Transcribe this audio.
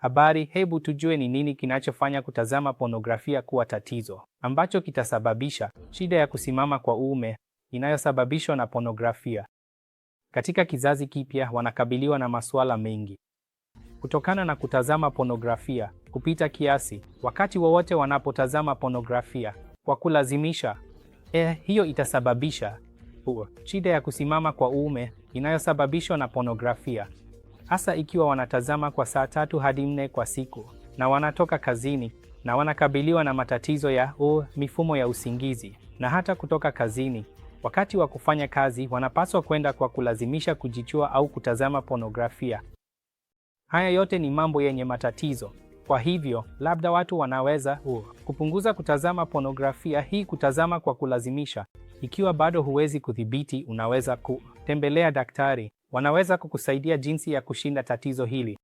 Habari, hebu tujue ni nini kinachofanya kutazama ponografia kuwa tatizo, ambacho kitasababisha shida ya kusimama kwa uume inayosababishwa na ponografia. Katika kizazi kipya wanakabiliwa na masuala mengi kutokana na kutazama ponografia kupita kiasi wakati wowote wa wanapotazama ponografia kwa kulazimisha. Eh, hiyo itasababisha uh, shida ya kusimama kwa uume inayosababishwa na ponografia hasa ikiwa wanatazama kwa saa tatu hadi nne kwa siku na wanatoka kazini na wanakabiliwa na matatizo ya o, mifumo ya usingizi na hata kutoka kazini. Wakati wa kufanya kazi wanapaswa kwenda kwa kulazimisha kujichua au kutazama ponografia. Haya yote ni mambo yenye matatizo. Kwa hivyo, labda watu wanaweza uh, kupunguza kutazama ponografia hii. Kutazama kwa kulazimisha, ikiwa bado huwezi kudhibiti, unaweza kutembelea daktari wanaweza kukusaidia jinsi ya kushinda tatizo hili.